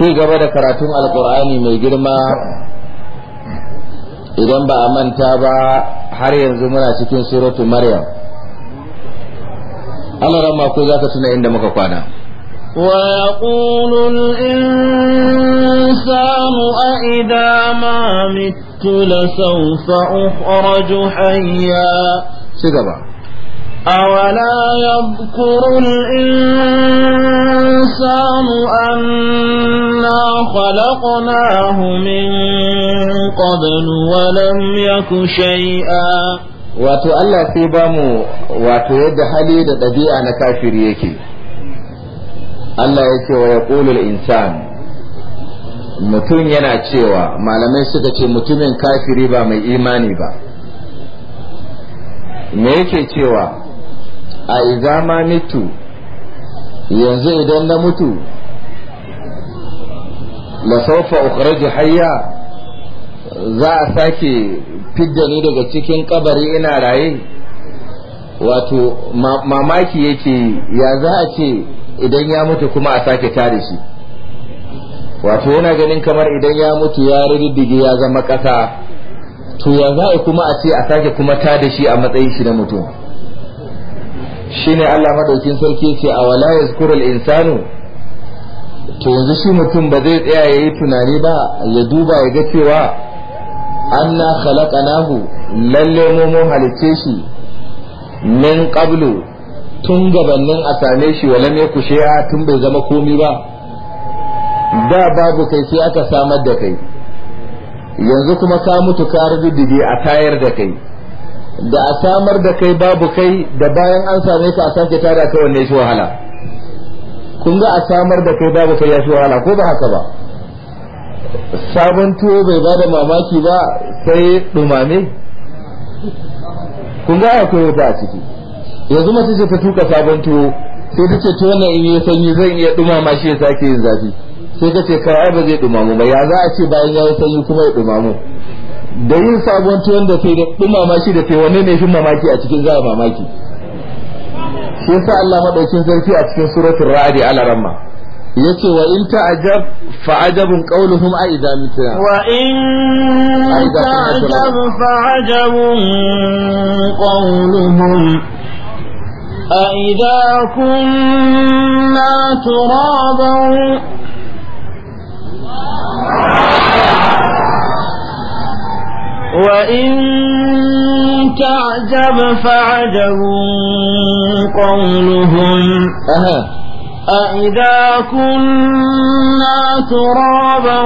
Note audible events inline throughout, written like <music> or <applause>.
ci gaba da karatun alkur'ani mai girma idan ba a manta ba har yanzu muna cikin suratu maryam Allah ran mako za ka tuna inda muka kwana ويقول الإنسان أإذا ما مت لسوف أخرج حيا أولا يذكر الإنسان أنا خلقناه من قبل ولم يك شيئا wato Allah sai ba mu wato yadda hali da ɗabi'a na kafiri yake Allah ya ce wa ya insan mutum yana cewa malamai suka ce mutumin kafiri ba mai imani ba me yake cewa a izama mitu yanzu idan na mutu la saufa ukhraju hayya za a sake fidda ni daga cikin kabari ina raye wato mamaki yake ya za a ce idan ya mutu kuma a sake tare shi wato yana ganin kamar idan ya mutu ya riddige ya zama ƙasa to ya za a kuma a ce a sake kuma tare shi a matsayin shi na mutum shine Allah madaukin sarki ce a wala yazkurul insanu to yanzu shi mutum ba zai tsaya yi tunani ba ya duba ya ga cewa anna khalaqanahu lalle mu mun halice shi min qablu tun gabanin a same shi wala ne ku shi'a tun bai zama komi ba da babu kai sai aka samar da kai yanzu kuma ka mutu ka a tayar da kai da a samar da kai babu kai da bayan an same ka a sake tara ka wanne shi wahala kun ga a samar da kai babu kai ya shi wahala ko ba haka ba sabon tuwo bai ba da mamaki ba sai dumame kun ga akwai wuta a ciki yanzu mace ce ta tuka sabon tuwo sai ta ce tuwo na in yi sanyi zan iya dumama shi ya sake yin zafi sai ka ce kawai ba zai dumamu ba ya za a ce bayan ya yi sanyi kuma ya dumamu da yin sabon tuwon da sai da dumama da sai wanne ne fi mamaki a cikin za mamaki shi sa Allah madaukin sarki a cikin suratul ra'd ala ramma yace wa in ta'ajab fa ajabun qawluhum a idza mitna wa in ta'ajab fa ajabun qawluhum a idza kunna turaban وإن تعجب فعجب قولهم أها أإذا كنا ترابا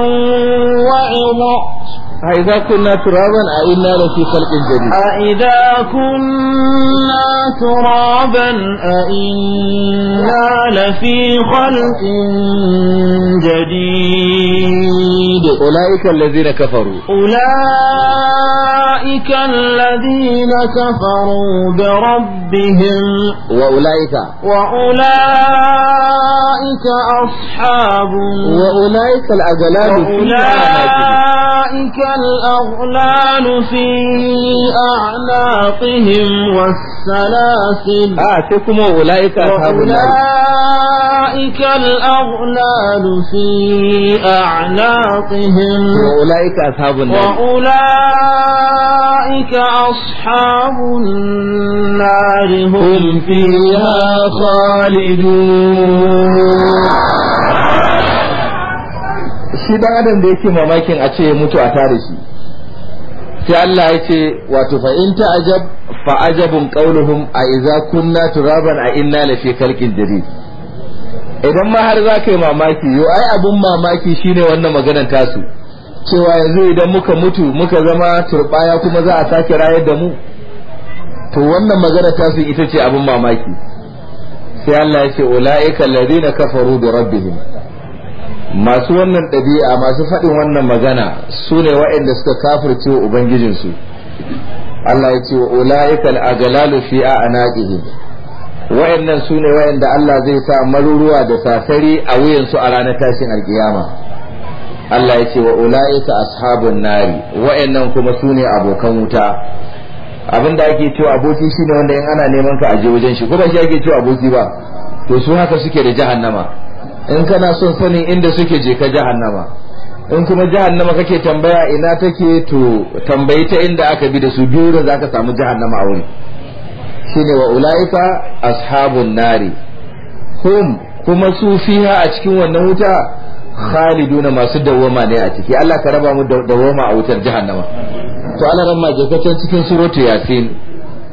وعظا أإذا كنا ترابا أإنا لفي خلق جديد أإذا كنا ترابا أإنا لفي خلق جديد أولئك الذين كفروا أولئك الذين كفروا بربهم وأولئك وأولئك أصحاب وأولئك الأغلال وأولئك الأغلال في أعناقهم والسلاسل آتكم أولئك أصحاب النار أولئك الأغلال في أعناقهم وأولئك أصحاب النار وأولئك أصحاب النار هم فيها خالدون shi dan adam da yake mamakin a ce ya mutu a tare shi sai Allah ya ce wato fa in ajab fa ajabun qauluhum a iza kunna turaban a inna la fi khalqin jadid idan ma har zaka yi mamaki yo ai abun mamaki shine wannan maganar tasu cewa yanzu idan muka mutu muka zama turbaya kuma za a sake rayar da mu to wannan magana tasu ita ce abun mamaki sai Allah ya ce ulaika alladhina kafaru bi rabbihim masu wannan ɗabi'a masu faɗin wannan magana su ne waɗanda suka kafirce wa ubangijinsu Allah ya ce wa a al'agalalu fi a anaqihim waɗannan su ne waɗanda Allah zai sa maruruwa da sasari a wuyansu a ranar tashin alkiyama Allah ya ce wa ula'ika ashabun nari waɗannan kuma su ne abokan wuta abinda ake cewa aboki shine wanda in ana neman ka aje wajen shi ko ba shi ake cewa aboki ba to su haka suke da jahannama in kana son sanin inda suke je ka jahannama in kuma jahannama kake tambaya ina take to tambayi ta inda aka bi da su biyu da zaka samu jahannama a wuri shine wa ulaika ashabun nari hum kuma su fiha a cikin wannan wuta khaliduna masu dawwama ne a ciki Allah ka raba mu dawwama a wutar jahannama to Allah ran ma cikin suratu yasin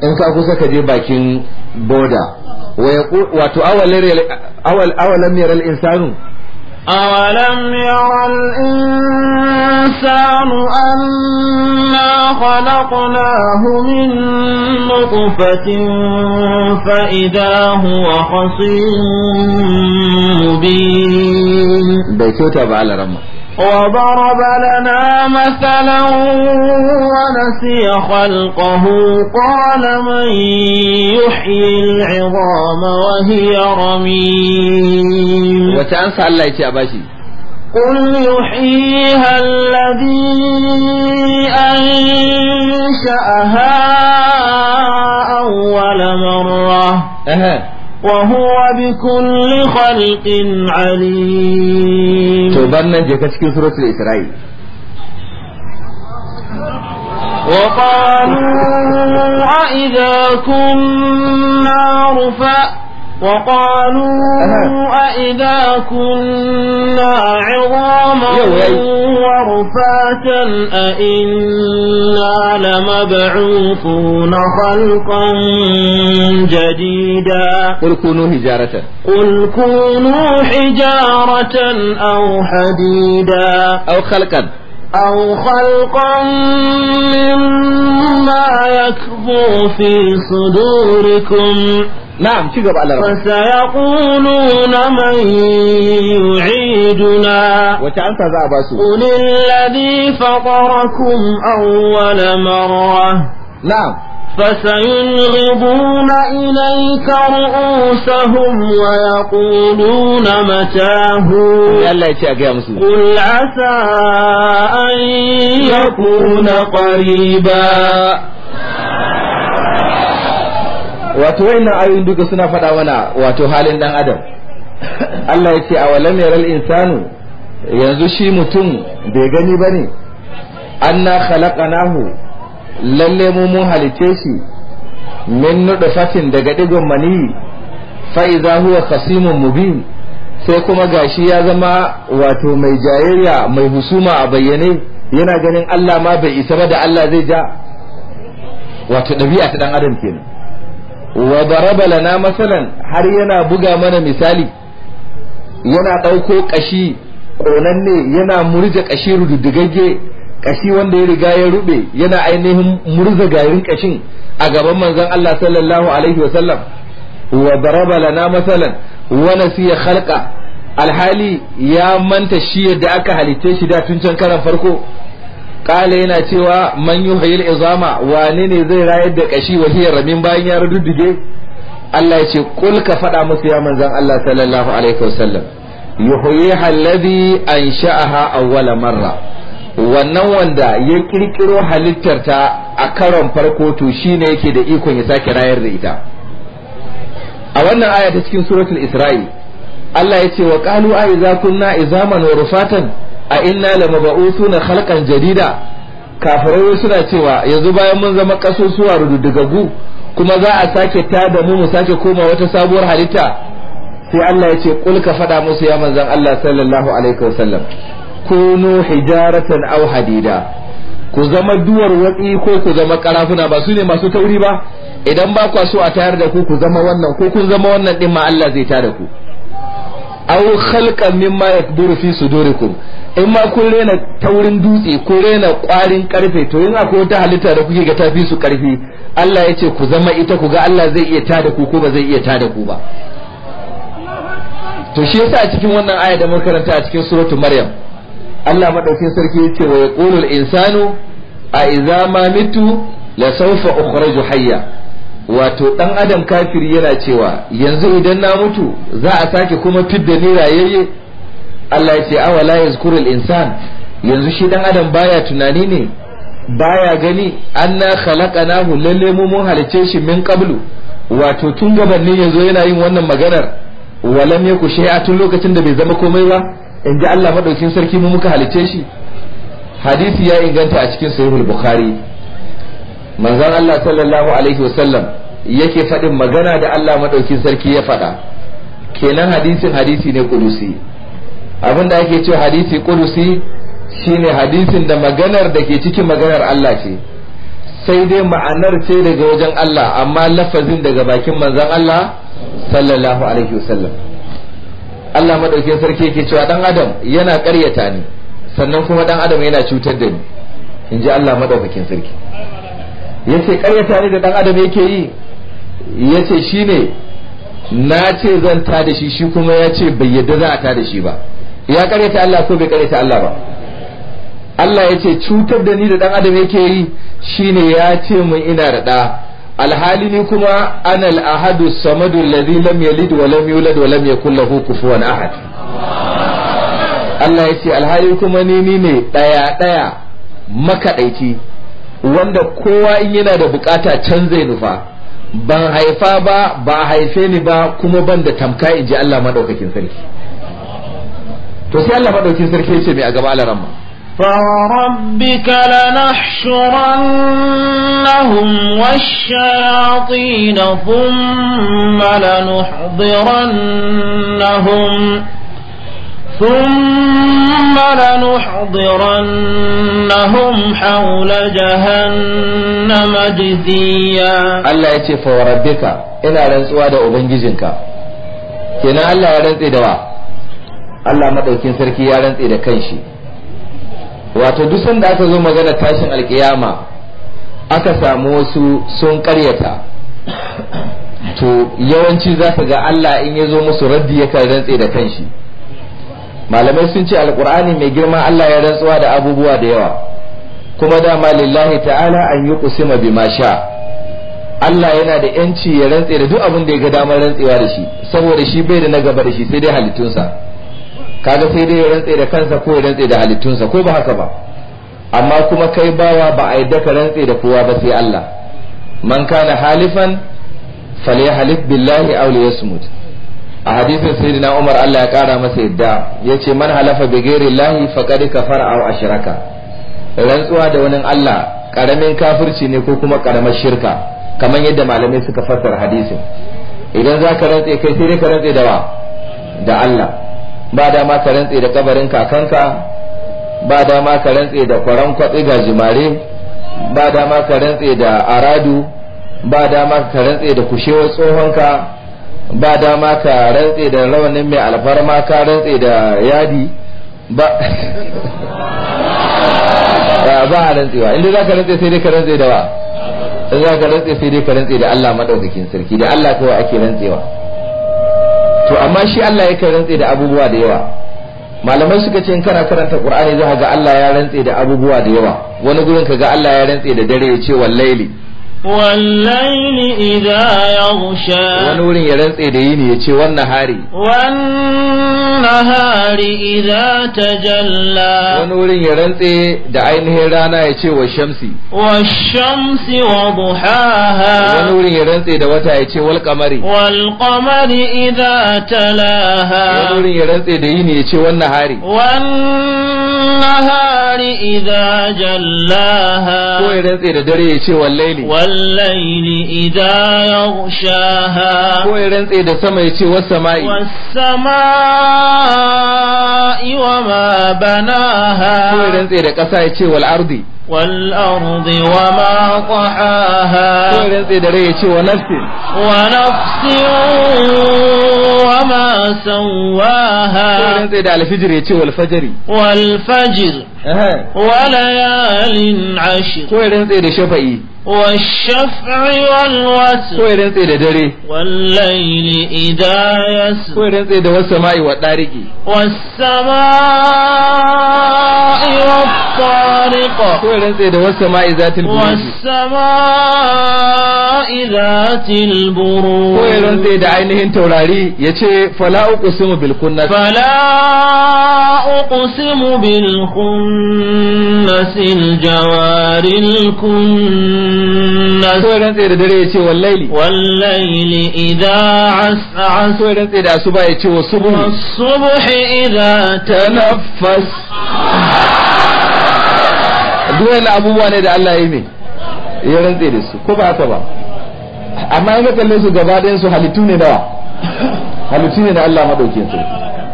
in ka kusa ka je bakin boda ويقول واتو أول أول أولم يرى الإنسان أولم يرى الإنسان أنا خلقناه من نطفة فإذا هو خصيم مبين بيتوتا بعلى رمضان وضرب لنا مثلا ونسي خلقه قال من يحيي العظام وهي رميم وتأنسى الله يتأباشي قل يحييها الذي أنشأها أول مرة أهل. وهو بكل خلق عليم توبنا جكش في سورة الإسرائيل وقالوا أئذا كنا رفأ وقالوا أئذا كنا عظاما ورفاتا أئنا لمبعوثون خلقا جديدا قل كونوا حجارة قل كونوا حجارة أو حديدا أو خلقا أو خلقا مما يكبر في صدوركم نعم فسيقولون من يعيدنا قل الذي فطركم أول مرة نعم فسينغضون إليك رؤوسهم ويقولون متاه قل عسى أن يكون قريبا wato wayannan ayoyin duka suna faɗa mana wato halin ɗan adam Allah ya ce a walam insanu yanzu shi mutum bai gani bane anna khalaqanahu lalle mu mun halice shi min fatin daga digon mani fa idza huwa khasimun mubin sai kuma gashi ya zama wato mai jayayya mai husuma a bayyane yana ganin Allah ma bai isa ba da Allah zai ja wato ɗabi'a ta dan adam kenan wa daraba lana masalan har yana buga mana misali yana ɗauko ƙashi ƙonanne yana murje ƙashi rududdigagge kashi wanda ya riga ya rube yana ainihin murza garin kashin a gaban manzon Allah sallallahu alaihi wa sallam wa daraba lana masalan wa nasiya khalqa alhali ya manta shi yadda aka halitte shi da tun can karan farko Kale yana cewa man yuhyil izama wane ne zai rayar da kashi wa hiya ramin bayan ya rududdige Allah ya ce kul ka faɗa musu ya manzon Allah sallallahu alaihi wa sallam yuhyiha alladhi ansha'aha awwala marra wannan wanda ya kirkiro halittar ta a karon farko to shine yake da ikon ya sake rayar da ita a wannan aya ta cikin suratul isra'i Allah ya ce wa qalu a idza kunna izaman wa rufatan a inna lamab'usuna khalqan jadida kafirai suna cewa yanzu bayan mun zama kasusuwa rududdugagu kuma za a sake ta da mu mu sake koma wata sabuwar halitta sai Allah ya ce kul ka faɗa musu ya manzon Allah sallallahu alaihi wasallam kunu hijaratan aw hadida ku zama duwar waƙi ko ku zama karafuna ba su ne masu tauri ba idan ba ku so a tayar da ku ku zama wannan ko kun zama wannan din ma Allah zai tada ku aw khalqan mimma yakburu fi sudurikum in ma kun rena taurin dutse ko rena kwarin karfe to in akwai wata halitta da kuke ga tafi su karfi Allah ya ce ku zama ita ku ga Allah zai iya tada ku ko ba zai iya tada ku ba to shi yasa a cikin wannan aya da muka karanta a cikin suratul maryam Allah madaukin sarki yace wa ya insanu a idza ma mitu la sawfa ukhraju hayya wato dan adam kafiri yana cewa yanzu idan na mutu za a sake kuma fidda ni rayayye Allah yace awala la yazkurul insan yanzu shi dan adam baya tunani ne baya gani anna khalaqanahu lalle mu mun halice shi min qablu wato tun gabanin yanzu yana yin wannan maganar walam yaku shay'a tun lokacin da bai zama komai ba in ji Allah madaukin sarki mu muka halice shi hadisi ya inganta a cikin sahihul bukhari manzon Allah sallallahu alaihi wasallam yake faɗin magana da Allah madaukin sarki ya faɗa kenan hadisin hadisi ne kudusi abinda ake cewa hadisi kudusi shine hadisin da maganar da ke cikin maganar Allah ce sai dai ma'anar ce daga wajen Allah amma lafazin daga bakin manzon Allah sallallahu alaihi wasallam Allah madaukin sarki yake cewa dan adam yana ƙaryata ni sannan kuma dan adam yana cutar da ni in ji Allah madaukakin sarki yace ƙaryata ni da dan adam yake yi yace shine na ce zan ta da shi shi kuma ya ce bai yadda za a ta da shi ba ya ƙaryata Allah ko bai ƙaryata Allah ba Allah yace cutar da ni da dan adam yake yi shine ya ce mun ina da ɗa alhali ni kuma anal ahadu samadu ladi lam yalid wa lam yulad wa lam yakul lahu kufuwan ahad Allah ya ce alhali kuma ni ni ne daya daya makaɗaici wanda kowa in yana da bukata can zai nufa ban haifa ba ba haife ni ba kuma ban da tamka in ji Allah madaukakin sarki to sai Allah madaukakin sarki ya ce mai a gaba alaramma فوربك لنحشرنهم والشياطين ثم لنحضرنهم ثم لنحضرنهم حول جهنم جثيا الله يتي فوربك إلى رنسوا دا أبنجزنك كنا الله يرنسي دوا الله مدوكين سركي يرنسي دا كنشي wato duk sanda aka zo magana tashin alkiyama aka samu wasu sun karyata to yawanci za ka ga Allah in ya zo musu raddi ya kan rantse da kanshi malamai sun ce alkur'ani mai girma Allah ya rantsuwa da abubuwa da yawa kuma dama lillahi ta'ala an yi kusima bi sha Allah yana da yanci ya rantse da duk abin da ya ga damar rantsewa da shi saboda shi bai da na gaba da shi sai dai halittunsa kaga sai dai ya rantse da kansa ko ya rantse da halittunsa ko ba haka ba amma kuma kai bawa ba a yadda ka rantse da kowa ba sai Allah man kana halifan halif billahi aw liyasmut a hadisin sayyidina Umar Allah ya kara masa yadda yace man halafa bi ghairi llahi faqad kafara aw ashraka rantsuwa da wani Allah karamin kafirci ne ko kuma karamar shirka kamar yadda malamai suka fassara hadisin idan za ka rantse kai sai dai ka rantse da wa da Allah ba dama ka rantse da kabarin kakanka ba dama ka rantse da kwaran kwatsi ga jimare ba dama ka rantse da aradu ba dama ka rantse da kushewar tsohonka ba dama ka rantse da rawanin mai alfarma ka rantse da yadi ba ba rantse ba inda za ka rantse sai dai ka rantse da wa in za ka rantse sai dai ka rantse da Allah madaukakin sarki da Allah kawai ake rantsewa to amma shi Allah yakan rantse da abubuwa da yawa malamai suka ce in kana karanta Qur'ani za ga Allah ya rantsi da abubuwa da yawa wani gurin ka ga Allah ya rantsi da dare ya ce wallahi wallaini laini idan ya bushe. Wani wurin ya rantse da yini ya ce wannan Hari. Wannan Hari idan ta jalla. Wani ya rantse da ainihin rana ya ce wa Shamsi. Wa Shamsi wa buhaha. Wani ya rantse da wata ya ce wal kamari. Wal kamari idan ta lahaa. ya rantse da yini ya ce wannan Hari. Wanni. والنهار إذا جلاها والليل إذا يغشاها والسماء وما بناها والأرض وما طحاها ونفس ونفس وما سواها والفجر والفجر والفجر وليال عشر والشفع والوتر ko irin da dare wallaili idha yas ko irin tsaye da wa dariki wasama'i wa tariq wasama'i والطائرات البروج ko ya rantse da ainihin taurari ya fala uqsimu bil khunnas fala uqsimu bil khunnas jawaril kunnas ko ya rantse da dare yace ce wallaili wallaili idza as'as ko ya rantse da asuba ya ce wasubhu wasubhi idza tanaffas duk abubuwa ne da Allah ya yi mai ya rantse da su ko ba haka ba amma in ka kalle su gaba ɗayan su halittu ne dawa halittu ne da Allah madaukin su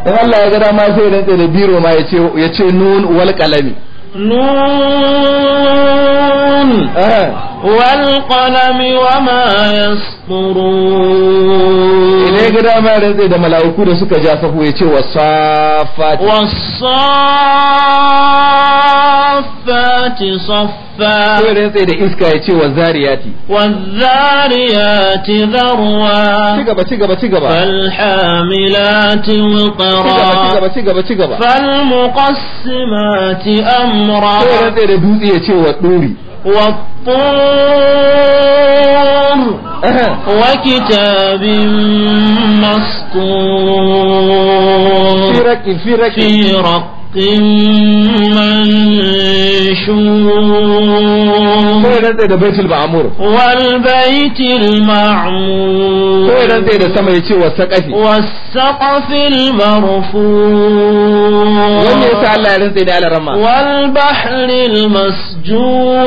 in Allah ya ga dama sai rantsa da biro ma ya ce nun wal qalami nun يسطرون والقلم وما يسطرون ne gida ma rantse da mala'iku da suka ja sahu ya ce wasafati wasafati saffa ko rantse da iska ya ce wazariyati wazariyati zarwa ci gaba ci gaba ci gaba falhamilati wiqra ci gaba ci gaba ci gaba amra dutse ya wa والطور وكتاب مسطور في رق في رق في رق منشور ya rantse da baitul ma'mur wal baitul ma'mur ko ya rantse da sama yace wasaqafi wasaqafil marfu wanda yasa Allah ya rantse da alarama wal bahril masjur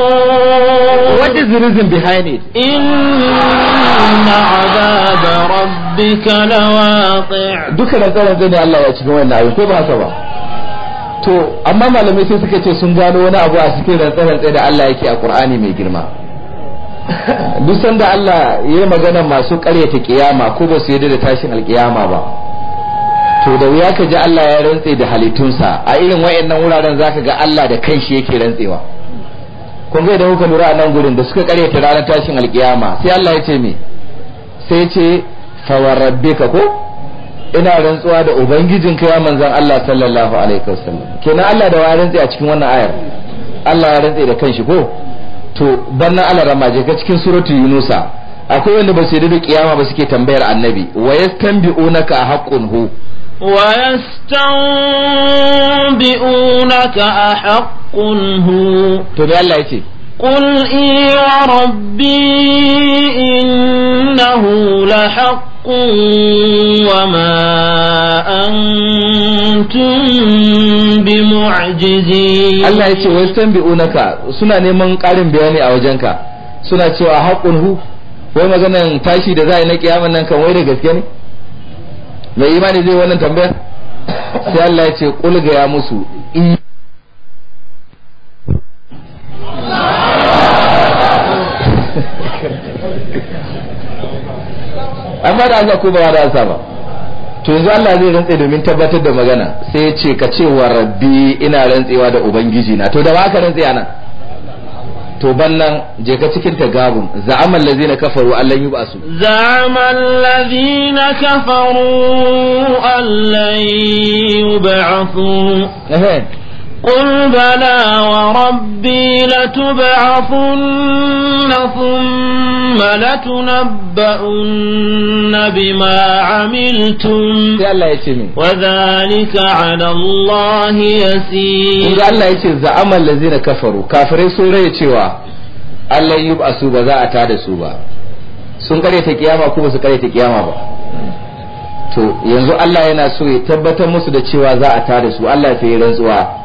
what is the reason behind it inna adab rabbika lawaqi duka da kalan da Allah ya ci ga wannan ko ba haka ba to amma malamai sai suka ce sun gano wani abu a cikin rantsar da Allah yake a Qur'ani mai girma <laughs> duk sanda Allah ya yi magana masu karyata kiyama ko ba su yarda da tashin alkiyama ba to da wuya ka ji Allah ya rantse da halittunsa a irin wayannan wuraren zaka ga Allah da kanshi yake rantsewa kun ga idan kuka lura a nan gurin da suka karyata ranar tashin alkiyama sai Allah ya ce me sai ya ce fa ko ina rantsuwa da ubangijin kai manzon Allah sallallahu alaihi wasallam kenan Allah da wa rantsi a cikin wannan ayar Allah ya rantsi da kanshi ko to banna Allah ramaje ka cikin suratul yunusa akwai wanda ba su yarda da kiyama ba suke tambayar annabi wa yastanbi'unaka haqqun hu Wa haqqun hu? To da Allah يتي قل إي وربي إنه لحق وما أنتم بمعجزين الله يتي ويستنبئونك سنة نمان قارن بياني أو جنك سنة سوى حق هو wai maganan tashi da za a yi na kiyaman nan kan wai da gaske ne mai imani zai wannan tambayar sai Allah ya kulga musu amma da Allah ko ba da Allah ba to yanzu Allah zai rantse domin tabbatar da magana sai ya ce ka ce wa rabbi ina rantsewa da ubangiji na to da ba ka rantse anan to bannan je ka cikin tagabun za'ama allazina kafaru allan yub'asu za'ama allazina kafaru allan yub'asu قل بلى وربي لتبعثن ثم لتنبؤن بما عملتم وذلك على الله يسير إذا الله يشي زعم الذين كفروا كافرين سورة يشيوا الله يبعثوا بذا أتاد سوبا sun karyata kiyama kuma su karyata kiyama ba to yanzu Allah yana so ya tabbatar musu da cewa za a tada su Allah ya yi rantsuwa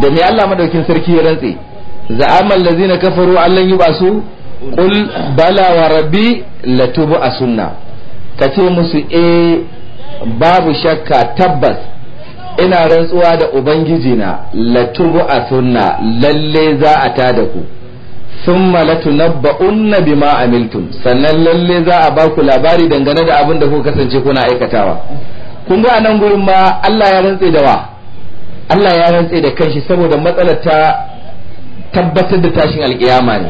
da mai Allah madaukin sarki ya rantse za'amal lazina kafaru allan yubasu qul bala wa rabbi latubu asunna kace musu eh babu shakka tabbas ina rantsuwa da ubangiji na latubu asunna lalle za a tada ku thumma latunabba'unna bima amiltum sannan lalle za a baku labari dangane da abin da kuka kasance kuna aikatawa kun ga nan gurin ma Allah ya rantse da wa Allah ya rantse da kanshi saboda matsalar ta tabbatar da tashin alkiyama ne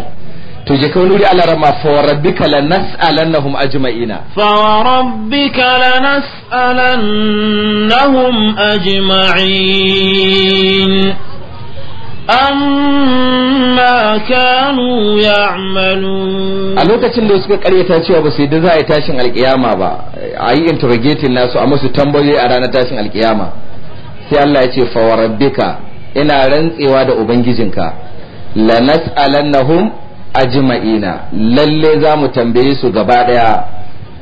to je ka nuri ala rama fa rabbika lanas'alannahum ajma'ina fa rabbika lanas'alannahum ajma'in amma kanu ya'malu a lokacin da suka karyata cewa ba su da za a yi tashin alkiyama ba a yi interrogating nasu a musu tambayoyi a ranar tashin alkiyama sai Allah ya ce fawarabbika ina rantsewa da ubangijinka nas'alannahum ajma'ina lalle za mu tambaye su gaba daya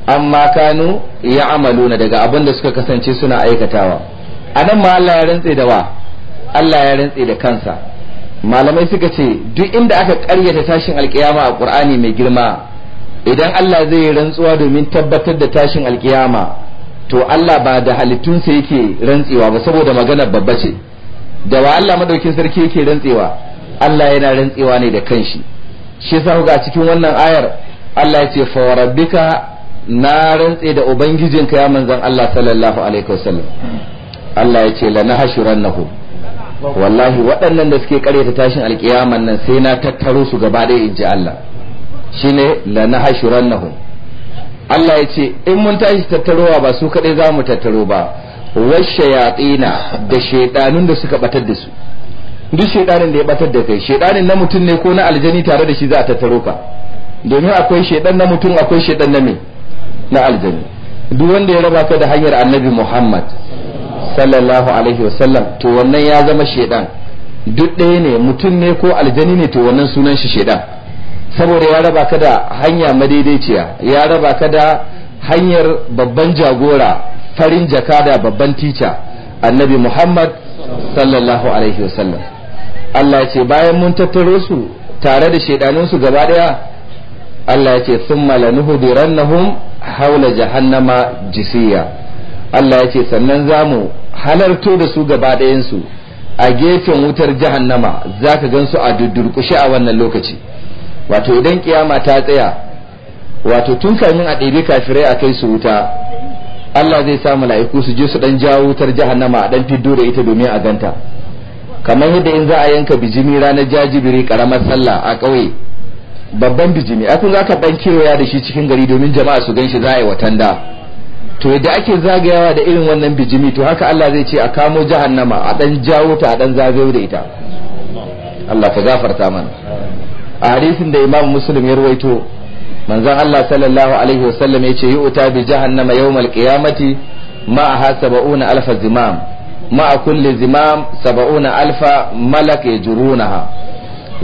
amma kanu ya amaluna daga abin da suka kasance suna aikatawa anan nan ma Allah ya rantse da wa Allah ya rantse da kansa malamai suka ce duk inda aka karyata tashin alkiyama a qur'ani mai girma idan Allah zai rantsuwa domin tabbatar da tashin alkiyama to Allah ba da halittun halittunsa yake rantsewa ba saboda maganar babba ce da wa Allah madaukin sarki yake rantsewa Allah yana rantsewa ne da kanshi shi yasa ga cikin wannan ayar Allah ya ce fa rabbika na rantse da ubangijinka ya manzon Allah sallallahu alaihi wasallam Allah ya ce lanahshurannahum wallahi waɗannan da suke ta tashin alkiyaman nan sai na tattaro su gaba ɗaya in ji Allah shine lanahshurannahum Allah ya ce in mun tashi tattarowa ba su kaɗai za mu tattaro ba washe yatsina da shaidanun da suka batar da su duk shaidanin da ya batar da kai shaidanin na mutum ne ko na aljani tare da shi za a tattaro ka domin akwai shaidan na mutum akwai shaidan na me na aljani duk wanda ya raba ka da hanyar annabi Muhammad sallallahu alaihi wasallam to wannan ya zama shaidan duk ɗaya ne mutum ne ko aljani ne to wannan sunan shi shaidan saboda ya raba ka da hanya madaidaiciya ya raba ka da hanyar babban jagora farin jaka da babban tica annabi muhammad sallallahu alaihi wasallam Allah ya ce bayan mun tattaro su tare da su gaba daya Allah ya ce sun malanuhudirannahum haula jahannama jisiya Allah ya ce sannan zamu halarto da su gaba a gefen wutar jahannama za ka gan su a durkushe a wannan lokaci wato idan kiyama ta tsaya wato tun kamin a ɗebe kafirai a kai su wuta Allah zai sa mala'iku su je su dan jawo wutar jahannama a dan fiddo da ita domin a ganta kamar yadda in za a yanka bijimi ranar jajibiri karamar sallah a ƙauye babban bijimi akun za ka ɗan kewaya da shi cikin gari domin jama'a su gan shi za a yi watanda to yadda ake zagayawa da irin wannan bijimi to haka Allah zai ce a kamo jahannama a dan jawo ta a dan zagayo da ita Allah ka gafarta mana a hadisin da imamu muslim ya ruwaito manzon Allah sallallahu alaihi wasallam yace yu'ta bi jahannama yawmal qiyamati ma'aha na alfa zimam ma'a kulli zimam na alfa na yajrunaha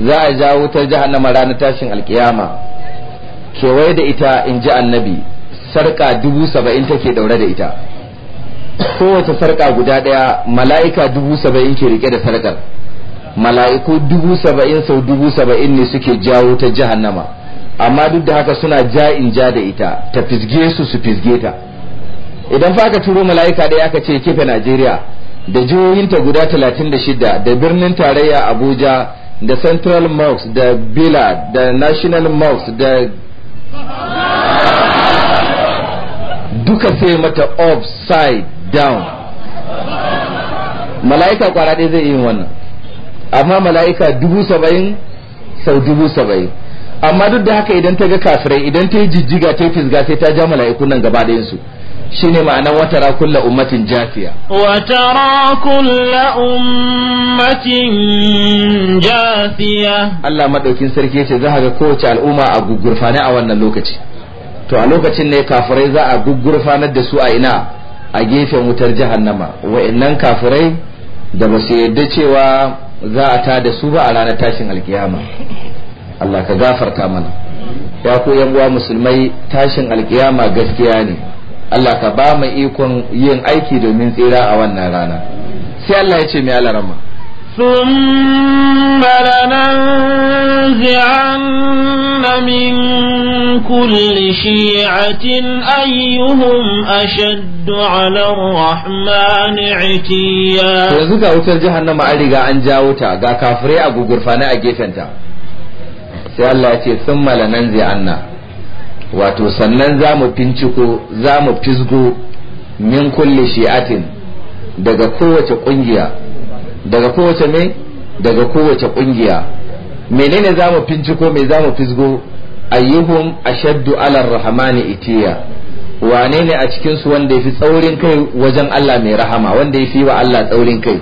za a ja wutar jahannama ranar tashin alkiyama kewaye da ita in ji annabi sarka dubu saba'in take daure da ita kowace sarka guda daya mala'ika dubu saba'in ke rike da sarkar mala'iku dubu saba'in sau dubu saba'in ne suke jawo ta jahannama amma duk da haka suna ja in ja da ita ta fisge su su fisge ta idan fa aka turo mala'ika ɗaya aka ce kefe najeriya da jihohinta guda talatin da shida da birnin tarayya abuja da central mosque da bila da national mosque da duka sai mata offside down mala'ika kwara ɗaya zai yi wannan amma mala'ika dubu saba'in sau dubu saba'in amma duk da haka idan ta ga kafirai idan ta yi jijjiga ta yi fisga sai ta ja mala’iku nan gaba ɗayansu shine ma'anar wata kulla ummatin jafiya watara kulla ummatin jafiya Allah maɗaukin sarki ce za ga kowace al'umma a gugurfane a wannan lokaci to a lokacin ne kafirai za a gugurfanar da su a ina a gefen wutar jahannama wa'annan kafirai da ba su yarda cewa za a ta da su ba a ranar tashin alkiyama Allah ka gafarta mana ya ku uwa musulmai tashin alkiyama gaskiya ne Allah ka ba mu ikon yin aiki domin tsira a wannan rana sai Allah ya ce mai alarama ثم لننزعن من كل شيعة أيهم أشد على الرحمن عتيا yanzu ga wutar jihar an riga an jawo ta ga kafirai a gugurfana a gefenta sai Allah ya ce sun malanan anna wato sannan za mu finciko za mu fisgo min kulli shi'atin daga kowace ƙungiya daga kowace me daga kowace kungiya menene za mu finciko me za mu fisgo ayyuhum ashaddu ala rahmani itiya wane ne a cikinsu wanda yafi tsaurin kai wajen Allah mai rahama wanda ya fi wa Allah tsaurin kai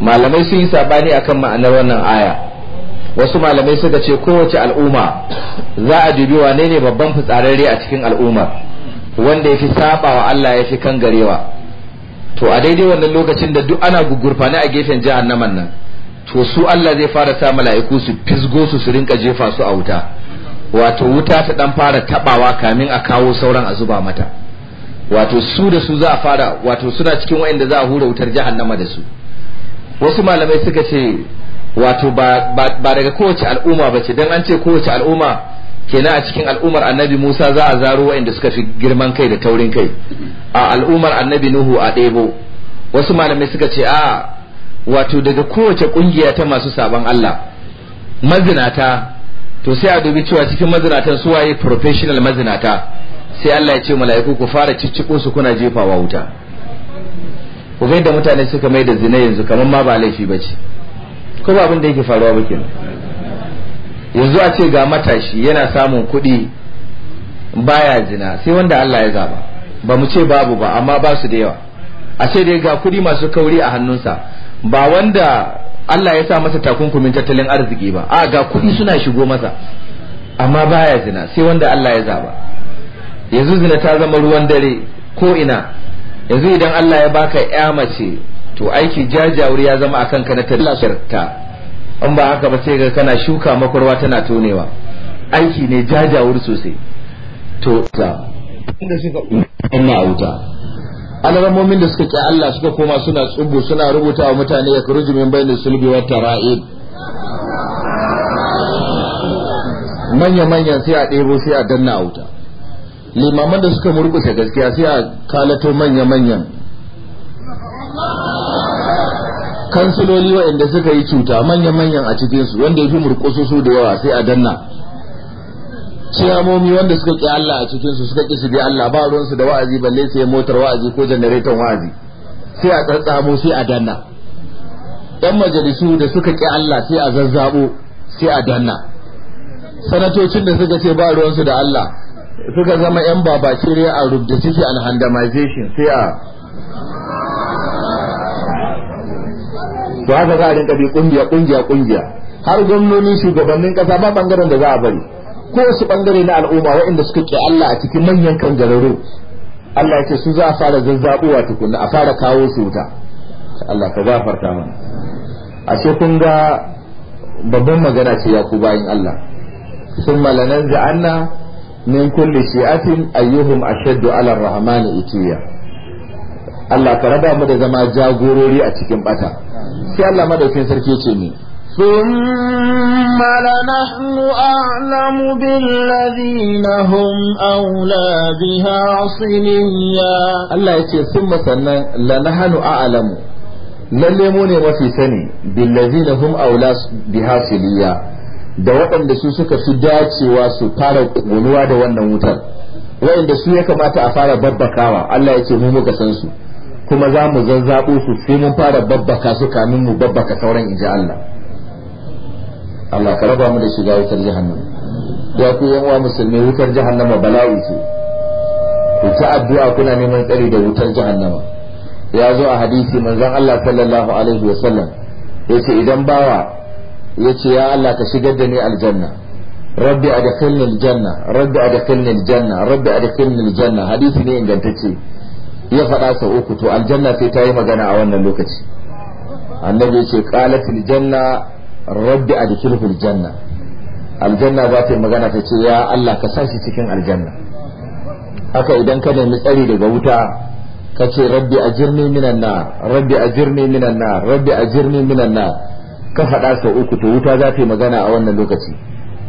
malamai sun yi sabani akan ma'anar wannan aya wasu malamai suka ce kowace al'umma za a dubi wane ne babban fitsararre a cikin al'ummar wanda yafi fi saba wa Allah ya fi garewa. to a daidai wannan lokacin da duk ana gugurfani a gefen jihar naman nan to su Allah zai fara sa mala'iku su fisgo su su rinka jefa su a wuta wato wuta ta dan fara tabawa kamin a kawo sauran a zuba mata wato su da su za a fara wato suna cikin wa'anda za a hura wutar jahannama da su wasu malamai suka ce wato ba daga kowace al'umma ba ce don an ce kowace al'umma kenan a cikin al'ummar annabi Musa za a zaro waɗanda suka fi girman kai da taurin kai a al'ummar annabi Nuhu a ɗebo wasu malamai suka ce a wato daga kowace ƙungiya ta masu sabon Allah mazinata to sai a dubi cewa cikin mazinatan su waye professional mazinata sai Allah ya ce mala'iku ku fara cicciko su kuna jefawa wuta ku ga yadda mutane suka mai da zina yanzu kamar ma ba laifi bace ko ba abin da yake faruwa ba kenan yanzu a ce ga matashi yana samun kuɗi baya jina sai wanda Allah ya zaba ba mu ce babu ba amma ba su da yawa a ce dai ga kuɗi masu kauri a hannunsa ba wanda Allah ya sa masa takunkumin tattalin arziki ba a ga kuɗi suna shigo masa amma baya zina sai wanda Allah ya zaba yanzu zina ta zama ruwan dare ko ina yanzu idan Allah ya baka ya mace to aiki jajawur ya zama akan ka na in ba haka ba sai ga kana shuka makwarwa tana tonewa aiki ne jajawur sosai to za inda suka ina wuta alramomin da suka ƙi Allah suka koma suna tsubu suna rubuta wa mutane ya kuruji min bayanin sulbi wa tara'id manya-manyan sai a ɗebo sai a danna a wuta limaman da suka murkusa gaskiya sai a kalato manya-manyan kansiloli waɗanda suka yi cuta manya-manyan a cikinsu wanda ya fi su da yawa sai a danna ciyamomi wanda suka ƙi Allah a cikinsu suka ƙi su bi Allah ba ruwansu da wa'azi balle sai motar wa'azi ko janareton wa'azi sai a tsatsamo sai a danna ɗan majalisu da suka ƙi Allah sai a zazzabo sai a danna sanatocin da suka ce ba ruwansu da Allah suka zama 'yan babakire a rubda ciki alhandamization sai a to haka za a rinka bi kungiya kungiya kungiya har gwamnoni shugabannin kasa ba bangaren da za a bari ko su bangare na al'umma waɗanda suka ke Allah a cikin manyan kangararo Allah ya ce su za a fara zazzabuwa tukunna a fara kawo su wuta Allah ka gafarta mana ashe kun ga babban magana ce ya ku bayin Allah sun malanan ja'anna min kulli shi'atin ayyuhum ashaddu ala ar-rahmani itiyah Allah ka raba mu da zama jagorori a cikin ɓata. sai Allah sarki ce ni thumma la nahnu a'lamu bil ladina hum aula biha asliya Allah yace thumma sannan la nahnu a'lamu lalle mu ne mafi sani bil ladina hum aula biha asliya da wadanda su suka fi dacewa su fara gonuwa da wannan wutar wanda su ya kamata a fara babbakawa Allah yace mu muka san su kuma za mu zazzabo su sai mun fara babbaka su kamin mu babbaka sauran inji Allah Allah ka raba mu da shiga wutar jahannama ya ku yan uwa musulmi wutar jahannama bala'i ce ku ta addu'a kuna neman tsari da wutar jahannama ya zo a hadisi manzon Allah sallallahu alaihi wa sallam yace idan bawa yace ya Allah ka shigar da ni aljanna rabbi adkhilni aljanna rabbi adkhilni aljanna rabbi adkhilni aljanna hadisi ne ingantacce ya faɗa sau uku to aljanna sai ta yi magana a wannan lokaci annabi ya ce qalatil janna rabbi adkhilhu aljanna aljanna za ta yi magana ta ce ya Allah ka sa shi cikin aljanna haka idan ka nemi tsari daga wuta ka ce rabbi ajirni minan na rabbi ajirni minan na rabbi ajirni minan na ka faɗa sau uku to wuta za ta yi magana a wannan lokaci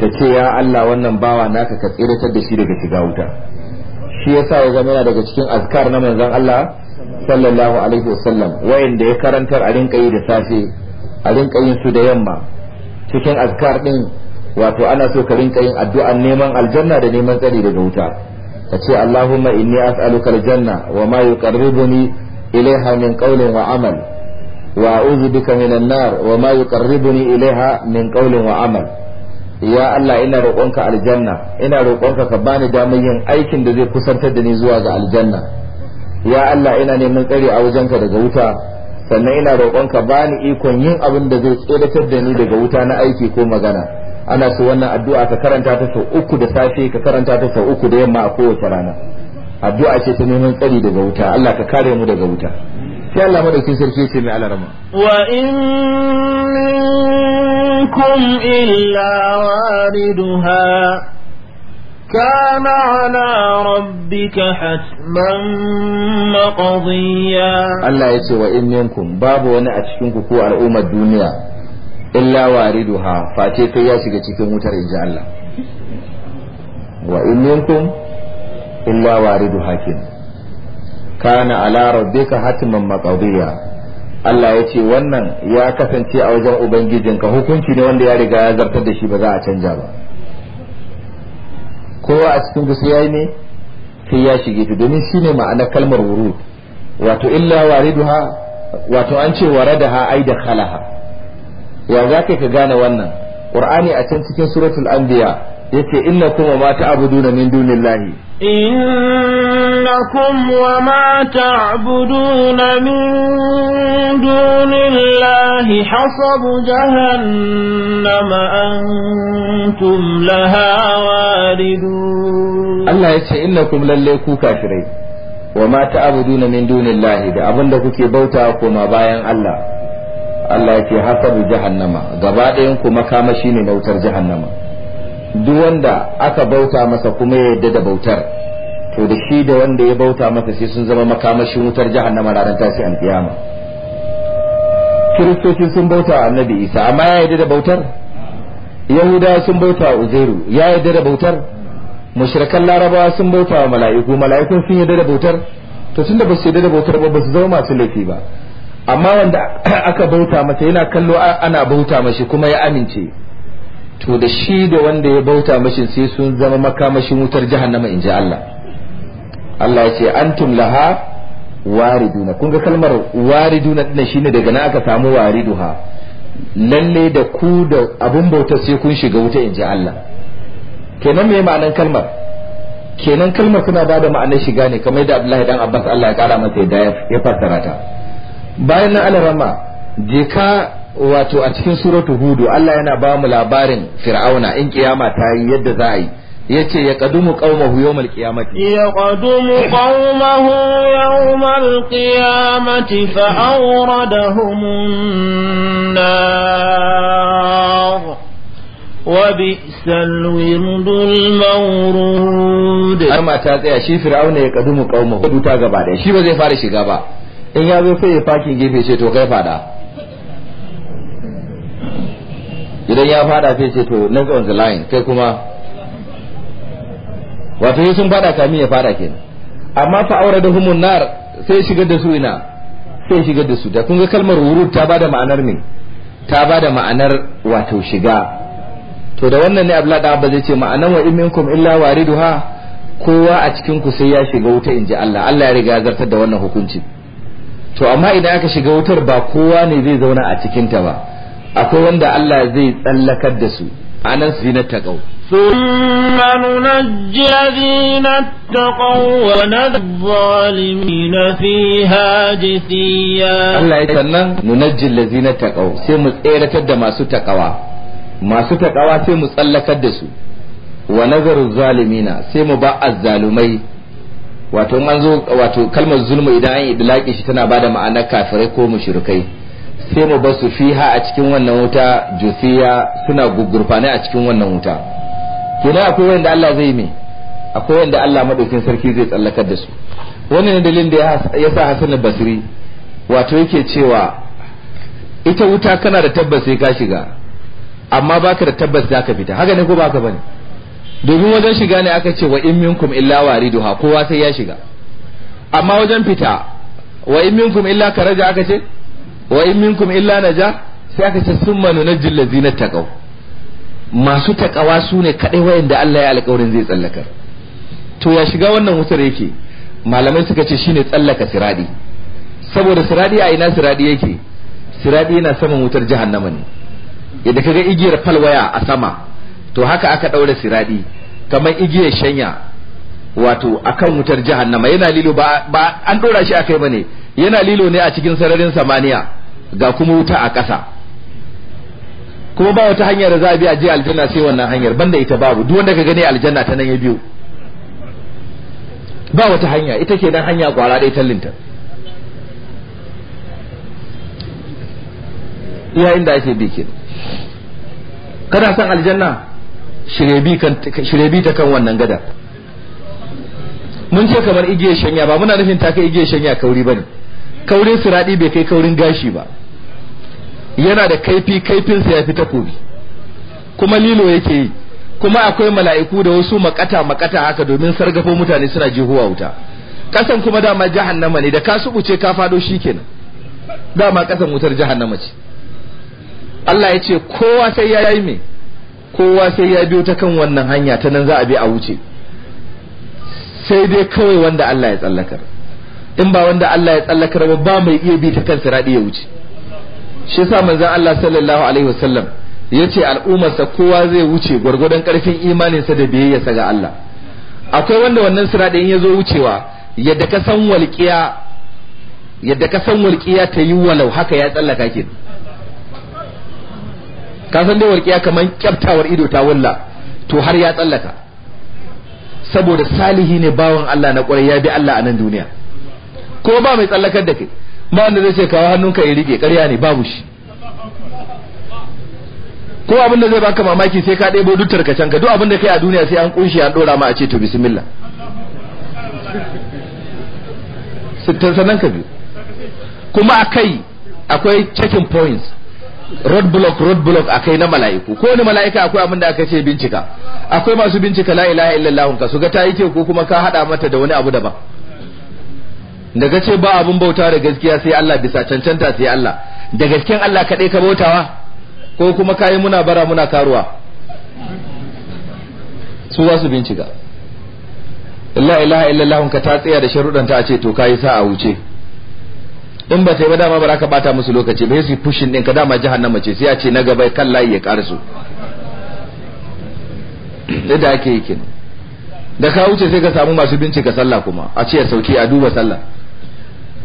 ta ce ya Allah wannan bawa naka ka tsiratar da shi daga shiga wuta shi ya sa ya zama yana daga cikin azkar na manzon Allah sallallahu alaihi wasallam wayanda ya karantar a rinka yi da safe a rinka yin su da yamma cikin azkar din wato ana so ka rinka yin addu'an neman aljanna da neman tsari daga wuta ka ce Allahumma inni as'aluka aljanna wa ma yuqarribuni ilaiha min qawlin wa amal wa a'udhu bika minan nar wa ma yuqarribuni ilaiha min qawlin wa amal ya Allah ina roƙonka aljanna ina roƙonka ka bani damar yin aikin da zai kusantar da ni zuwa ga aljanna ya Allah ina neman tsari a wajenka daga wuta sannan ina roƙonka bani ikon yin abin da zai tsedatar da ni daga wuta na aiki ko magana ana so wannan addu'a ka karanta ta sau uku da safe ka karanta ta sau uku da yamma a kowace rana addu'a ce ta neman tsari daga wuta Allah ka kare mu daga wuta sai Allah madaukin sarki ce mai alarma wa in منكم إلا واردها كان على ربك حتما مقضيا الله يسي وإن منكم باب وانا أتشكنك كو الأمة الدنيا إلا واردها فاتيك ياسك تكون متر إن شاء الله وإن منكم إلا واردها كنا كان على ربك حتما مقضيا Allah ya ce wannan ya kasance a wajen Ubangijinka hukunci ne wanda ya riga ya zartar da shi ba za a canja ba kowa a cikin gusu ya yi ne sai ya shige ta domin shi ne ma'anar kalmar wuru wato illa wariduha wato an ce waradaha ai da khalaha ya za ka gane wannan qur'ani a can cikin suratul anbiya yace kuma ma ta'buduna min dunillahi لكم وما تعبدون من دون الله حصب جهنم أنتم لها واردون الله يتشئ إنكم لليكو كافرين وما تعبدون من دون الله ده أبن لكوكي بوتاكو ما باين الله Allah yake ce hasabu jahannama gaba ɗayan ku makamashi ne na jahannama duk wanda aka bauta masa kuma ya yadda da bautar to da shi da wanda ya bauta masa sai sun zama makamashin wutar jahannama ranar tashi alkiyama kiristoci sun bauta wa annabi isa amma ya yarda da bautar yahudawa sun bauta wa uzairu ya yarda da bautar mushrikan larabawa sun bauta wa mala'iku mala'ikun sun yarda da bautar to tunda ba su yarda da bautar ba ba su zama masu laifi ba amma wanda <clears throat> aka bauta masa yana kallo ana bauta mashi kuma ya amince to da shi da wanda ya bauta mashi sai sun zama makamashin wutar jahannama in ji Allah Allah ya ce antum laha wariduna kun ga kalmar wariduna din shine daga na aka samu wariduha lalle da ku da abun bauta sai kun shiga wuta in ji Allah kenan me ma'anar kalmar kenan kalmar suna bada ma'anar shiga ne kamar da Abdullahi dan Abbas Allah ya kara masa yadda ya fassara ta bayan nan alrama je ka wato a cikin suratu hudu Allah yana ba mu labarin fir'auna in kiyama ta yi yadda za a yi yace ya kadumu qaumahu yawmal qiyamati ya qadumu qaumahu yawmal qiyamati fa awradahum nar wa bi'sal wirdul mawrud har ta tsaya shi fir'auna ya kadumu qaumahu duta gaba da shi ba zai fara shiga ba in ya zo sai ya fakin gefe ce to kai fada idan ya fada sai ce to next on the line kai kuma wato sun fada kamin ya fada kenan amma fa aure da humun nar sai shigar da su ina sai shigar da su da kun ga kalmar wurud ta bada ma'anar min ta bada ma'anar wato shiga to da wannan ne abla da abba zai ce ma'anan wa in minkum illa wariduha kowa a cikin ku sai ya shiga wuta inji Allah Allah ya riga zartar da wannan hukunci to amma idan aka shiga wutar ba kowa ne zai zauna a cikin ta ba akwai wanda Allah zai tsallakar da su anan su na kau. ثم ننجي الذين اتقوا ونذر الظالمين فيها جثيا الله يتنن ننجي الذين اتقوا sai mu tseratar da ما ستقوا masu takawa sai mu الظالمين da باء wa wato an zo wato kalmar zulmu idan an idlaki shi tana bada ma'anar kafirai ko mushrikai sai mu ba su fiha a cikin wannan wuta jufiya suna gugurfane a cikin wannan wuta kenan akwai wanda Allah zai mai akwai wanda Allah madaukin sarki zai tsallakar da su wannan ne dalilin da ya sa Hassan Basri wato yake cewa ita wuta kana da tabbas sai ka shiga amma baka da tabbas za ka fita haka ne ko baka bane domin wajen shiga ne aka ce wa in minkum illa wariduha kowa sai ya shiga amma wajen fita wa in minkum illa karaja aka ce wa in minkum illa naja sai aka ce summa nunajjil ladzina taqaw masu takawa su ne kaɗai da Allah ya alƙawarin zai tsallaka to ya shiga wannan wutar yake malamai suka ce shine tsallaka siradi saboda siradi a ina siradi yake siradi yana saman wutar jahannama ne yadda kaga igiyar falwaya a sama to haka aka ɗaura siradi kamar igiyar shanya wato akan wutar jahannama yana lilo ba, an ɗora shi akai bane yana lilo ne a cikin sararin samaniya ga kuma wuta a ƙasa kuma ba wata hanyar da za a bi a je aljanna sai wannan hanyar banda ita babu duk wanda ka gani aljanna ta nan ya biyo ba wata hanya ita ke nan hanya kwara dai tallinta iya inda ake bi ke kana son aljanna shirebi ta kan wannan gada mun ce kamar igiyar shanya ba muna nufin ta kai igiyar shanya kauri ba ne kaurin siraɗi bai kai kaurin gashi ba yana da kaifi kaifinsa ya fi takobi kuma lilo yake yi kuma akwai mala'iku da wasu makata makata haka domin sargafo mutane suna jihuwa wuta kasan kuma dama jahannama ne da ka subuce ka fado shikenan dama kasan wutar jahannama ce Allah ya ce kowa sai ya yi me kowa sai ya biyo ta kan wannan hanya ta nan za a bi a wuce sai dai kawai wanda Allah ya tsallakar in ba wanda Allah ya tsallakar ba ba mai iya bi ta kan siradi ya wuce shi yasa manzan Allah sallallahu alaihi wasallam ce al'ummarsa kowa zai wuce gwargwadon karfin imaninsa da biyayyarsa ga Allah akwai wanda wannan sirada in zo wucewa yadda ka san walƙiya ta yi walau haka ya tsallaka ke ka san dai walƙiya kamar kyaftawar ido ta walla to har ya tsallaka saboda salihi ne bawan Allah na ƙwarai ya bi Allah a nan duniya ko ba mai tsallakar da kai ba wanda zai ce kawo hannunka ya rike ƙarya ne babu shi ko abin da zai baka mamaki sai ka ɗebo duk can ka duk abin da kai a duniya sai an kunshi an ɗora ma a ce to bismillah sittin sanan ka biyu kuma a kai akwai checking points road block road block akai na mala'iku ko wani mala'ika akwai abin da aka ce bincika akwai masu bincika la ilaha illallah ka su ga ta yi ko kuma ka haɗa mata da wani abu daban daga ce ba abin bauta da gaskiya sai Allah bisa cancanta sai Allah da gasken Allah kaɗai ka bautawa ko kuma kayi muna bara muna karuwa su za su bincika Allah ilaha illallah ka ta tsaya da sharuɗanta a ce to kayi sa a wuce in ba sai ba dama ba za ka bata musu lokaci ba su pushin ɗin ka dama jahannama ce sai a ce na gaba kan layi ya ƙarasu da ake yi kin da ka wuce sai ka samu masu bincika sallah kuma a ce ya sauki a duba sallah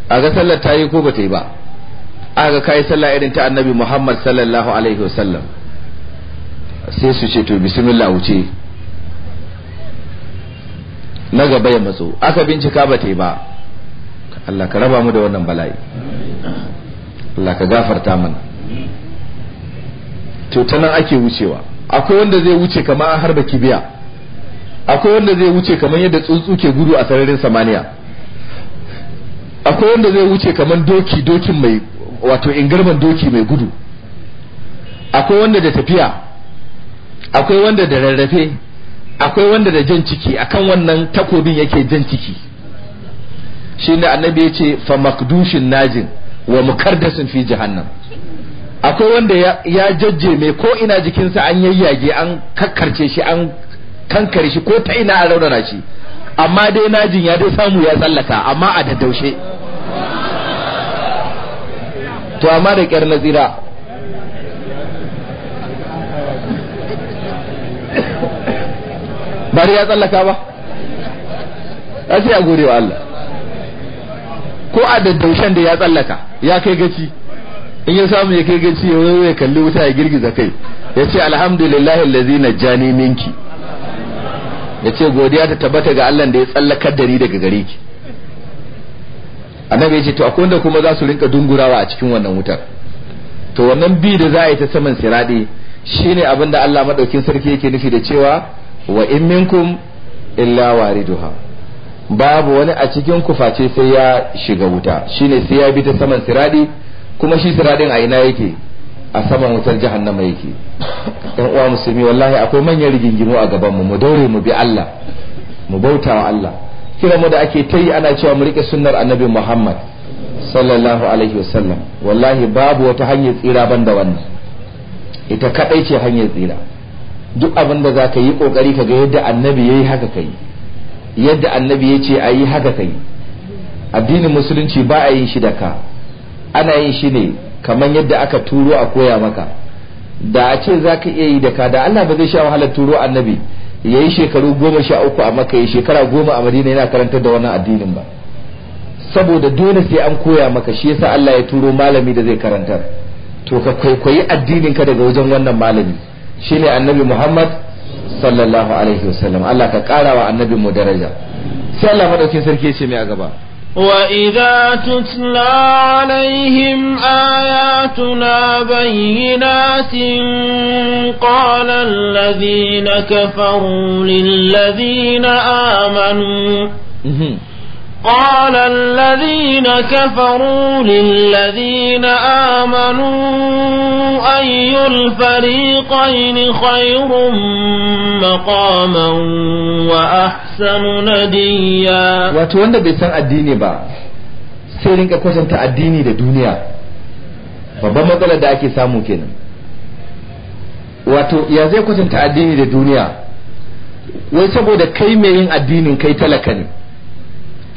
a ga sallar ta yi ko ba ta yi ba a ga kayi sallah irin ta annabi muhammad sallallahu alaihi wasallam sai su ce to bismillah wuce na gaba ya matso aka bincika ba ta yi ba Allah ka raba mu da wannan bala'i Allah ka gafarta mana to ta nan ake wucewa akwai wanda zai wuce kamar an harba kibiya akwai wanda zai wuce kamar yadda tsuntsu ke gudu a sararin samaniya akwai wanda zai wuce kamar doki dokin mai wato ingarman doki mai gudu akwai wanda da tafiya akwai wanda da rarrafe akwai wanda da jan ciki akan wannan takobin yake jan ciki shi ne annabi ya ce fa makdushin najin wa mukardasin fi jahannam akwai wanda ya jajje mai ko ina jikinsa an yayyage an kakkarce shi an kankare shi ko ta ina a raunana shi amma dai najin ya dai samu ya tsallaka amma a daddaushe to amma da kyar na tsira bari ya tsallaka ba ya ce ya gode wa Allah ko a daddaushen da ya tsallaka ya kai gaci in ya samu ya kai gaci ya kalli wuta ya girgiza kai ya ce alhamdulillah allazi najjani minki ya ce godiya ta tabbata ga Allah da ya tsallakar dari daga gare ki annabi ya ce to akwai wanda kuma za su rinka dungurawa a cikin wannan wutar to wannan bi da za a yi ta saman sirade shine abin da Allah madaukin sarki yake nufi da cewa wa in minkum illa wariduha babu wani a cikin ku face sai ya shiga wuta shine sai ya bi ta saman siradi kuma shi siradin a ina yake a saman wutar jahannama yake yan uwa musulmi wallahi akwai manyan rigingimu a gaban mu mu daure mu bi Allah mu bauta wa Allah kiran mu da ake ta yi ana cewa mu rike sunnar annabi Muhammad sallallahu alaihi wasallam wallahi babu wata hanyar tsira banda wannan ita kadai ce hanyar tsira duk abin da zaka yi kokari ka ga yadda annabi yayi haka kai yadda annabi yace ayi a haka kai addinin musulunci ba a yin shi da ka ana yin shi ne kamar yadda aka turo a koya maka da a ce za ka iya yi da ka da Allah ba zai sha wahalar turo annabi ya yi shekaru goma sha uku a maka ya shekara goma a madina yana karantar da wannan addinin ba saboda dole sai an koya maka shi yasa Allah ya turo malami da zai karantar to ka kwaikwayi addinin ka daga wajen wannan malami shine annabi Muhammad sallallahu alaihi wasallam Allah ka karawa annabi mu daraja sai Allah madaukin sarki ya ce mai a gaba وإذا تتلى عليهم آياتنا بينات قال الذين كفروا للذين آمنوا قال الذين كفروا للذين آمنوا أي الفريقين خير مقاما وأحسن نديا وتوانا بيسان الديني با سيرينك كوشن الديني لدنيا babban matsalar da ake samu kenan wato ya zai kwatanta addini da duniya wai saboda kai mai yin addinin kai talaka ne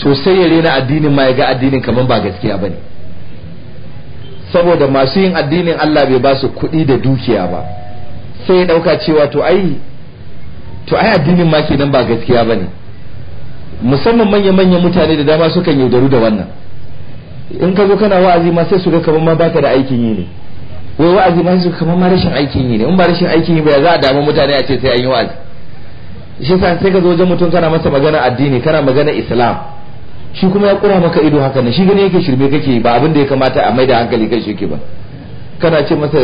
to sai ya rena addinin ma ya ga addinin kamar ba gaskiya bane saboda masu yin addinin Allah bai ba su kuɗi da dukiya ba sai ya ɗauka cewa to ai to ai addinin ma kenan ba gaskiya bane musamman manya manyan mutane da dama sukan yaudaru da wannan in ka zo kana wa'azi ma sai su ga kamar ma baka da aikin yi ne wai wa'azi ma sai su kamar ma rashin aikin yi ne in ba rashin aikin yi ba za a damu mutane a ce sai an yi wa'azi shi sai ka zo wajen mutum kana masa magana addini kana magana islam shi kuma ya kura maka ido haka ne shi gani yake shirme kake ba abin da ya kamata a maida hankali kai shi ke ba kana ce masa